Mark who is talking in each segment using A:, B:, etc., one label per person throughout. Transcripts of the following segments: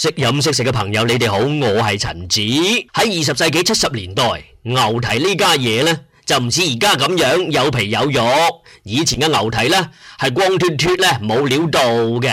A: 識飲識食嘅朋友，你哋好，我係陳子。喺二十世紀七十年代，牛蹄呢家嘢呢，就唔似而家咁樣有皮有肉。以前嘅牛蹄呢，係光脫脫咧冇料到嘅。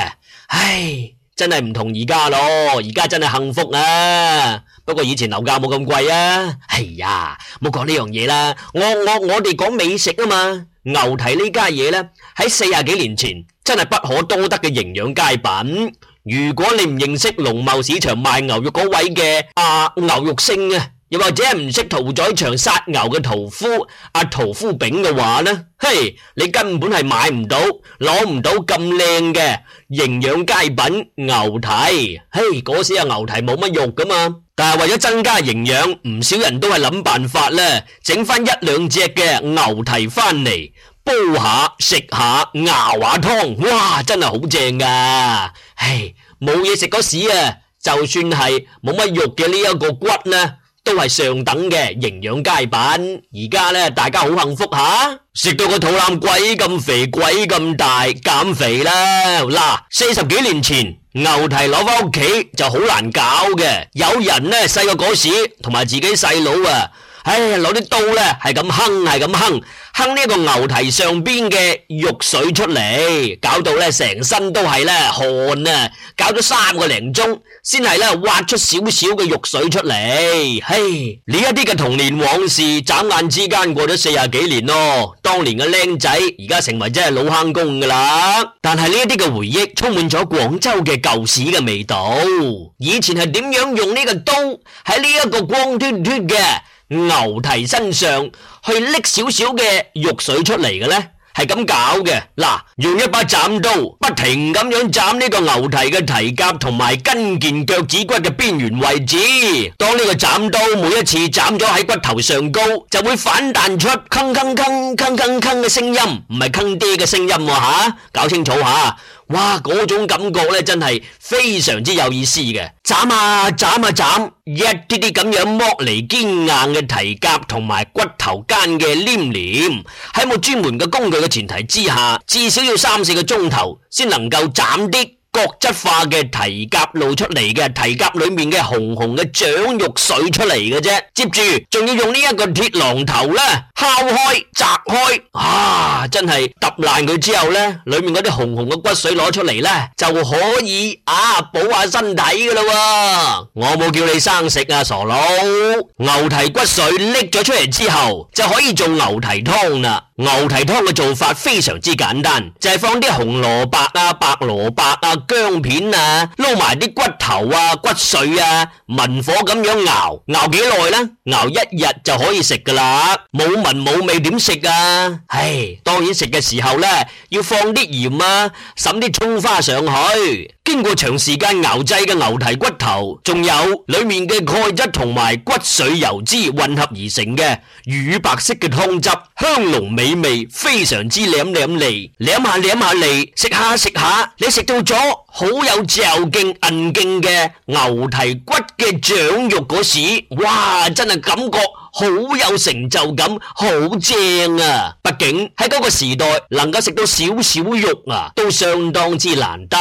A: 唉，真係唔同而家咯。而家真係幸福啊。不過以前樓價冇咁貴啊。係、哎、呀，冇講呢樣嘢啦。我我我哋講美食啊嘛。牛蹄呢家嘢呢，喺四十幾年前真係不可多得嘅營養佳品。如果你唔認識農貿市場賣牛肉嗰位嘅阿、啊、牛肉星啊，又或者唔識屠宰場殺牛嘅屠夫阿、啊、屠夫餅嘅話呢？嘿，你根本係買唔到，攞唔到咁靚嘅營養佳品牛蹄。嘿，嗰時啊牛蹄冇乜肉噶嘛，但係為咗增加營養，唔少人都係諗辦法啦，整翻一兩隻嘅牛蹄翻嚟煲下食下牛話湯，哇，真係好正噶，唉。冇嘢食嗰時呀，就算係冇乜肉嘅呢一個骨呢，都係上等嘅營養佳品。而家呢，大家好幸福吓，食到個肚腩鬼咁肥，鬼咁大，減肥啦！嗱，四十幾年前。牛蹄攞翻屋企就好難搞嘅，有人呢細個嗰時同埋自己細佬啊，唉，攞啲刀呢係咁哼，係咁哼，哼呢個牛蹄上邊嘅肉水出嚟，搞到呢成身都係呢汗啊，搞咗三個零鐘先係呢挖出少少嘅肉水出嚟，嘿，呢一啲嘅童年往事，眨眼之間過咗四十幾年咯。當年嘅僆仔，而家成為真係老坑公噶啦。但係呢一啲嘅回憶，充滿咗廣州嘅舊市嘅味道。以前係點樣用呢個刀喺呢一個光脫脫嘅牛蹄身上，去拎少少嘅肉水出嚟嘅咧？係咁搞嘅，嗱，用一把斬刀，不停咁樣斬呢個牛蹄嘅蹄甲同埋跟腱、腳趾骨嘅邊緣位置。當呢個斬刀每一次斬咗喺骨頭上高，就會反彈出鏗鏗鏗鏗鏗鏗嘅聲音，唔係坑爹嘅聲音，啊，吓，啊，搞清楚吓，啊。哇！嗰種感覺咧，真係非常之有意思嘅，啊。斬啊斬啊斬，一啲啲咁樣剝嚟堅硬嘅蹄甲同埋骨頭間嘅黏黏，喺冇專門嘅工具嘅前提之下，至少要三四個鐘頭先能夠斬啲角質化嘅蹄甲露出嚟嘅蹄甲裏面嘅紅紅嘅掌肉水出嚟嘅啫。接住仲要用鐵呢一個鐵榔頭咧，敲開砸開。真係揼爛佢之後呢，裏面嗰啲紅紅嘅骨髓攞出嚟呢，就可以啊補下身體噶啦喎！我冇叫你生食啊，傻佬！牛蹄骨髓拎咗出嚟之後，就可以做牛蹄湯啦。牛蹄湯嘅做法非常之簡單，就係放啲紅蘿蔔啊、白蘿蔔啊、薑片啊，撈埋啲骨頭啊、骨髓啊，文火咁樣熬，熬幾耐呢？熬一日就可以食噶啦，冇聞冇味點食啊？唉，當然食嘅時候呢，要放啲鹽啊，揼啲蔥花上去。經過長時間熬製嘅牛蹄骨頭，仲有裏面嘅鈣質同埋骨髓油脂混合而成嘅乳白色嘅湯汁，香濃美味，非常之舐舐脷，舐下舐下脷，食下食下，你食到咗好有嚼勁、韌勁嘅牛蹄骨嘅掌肉嗰時，哇，真係感覺～好有成就感，好正啊！畢竟喺嗰個時代，能夠食到少少肉啊，都相當之難得。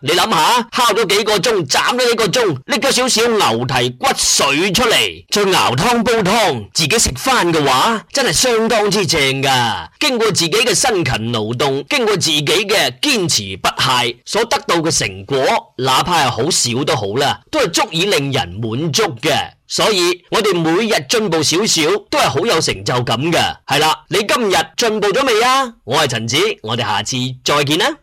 A: 你諗下，烤咗幾個鐘，斬咗一個鐘，拎咗少少牛蹄骨水出嚟，再熬湯煲湯，自己食返嘅話，真係相當之正噶，啊。經過自己嘅辛勤勞動，經過自己嘅堅持不懈，所得到嘅成果，哪怕係好少都好啦，都係足以令人滿足嘅。所以我哋每日進步少少，都係好有成就感嘅。係啦，你今日進步咗未啊？我係陳子，我哋下次再見啦。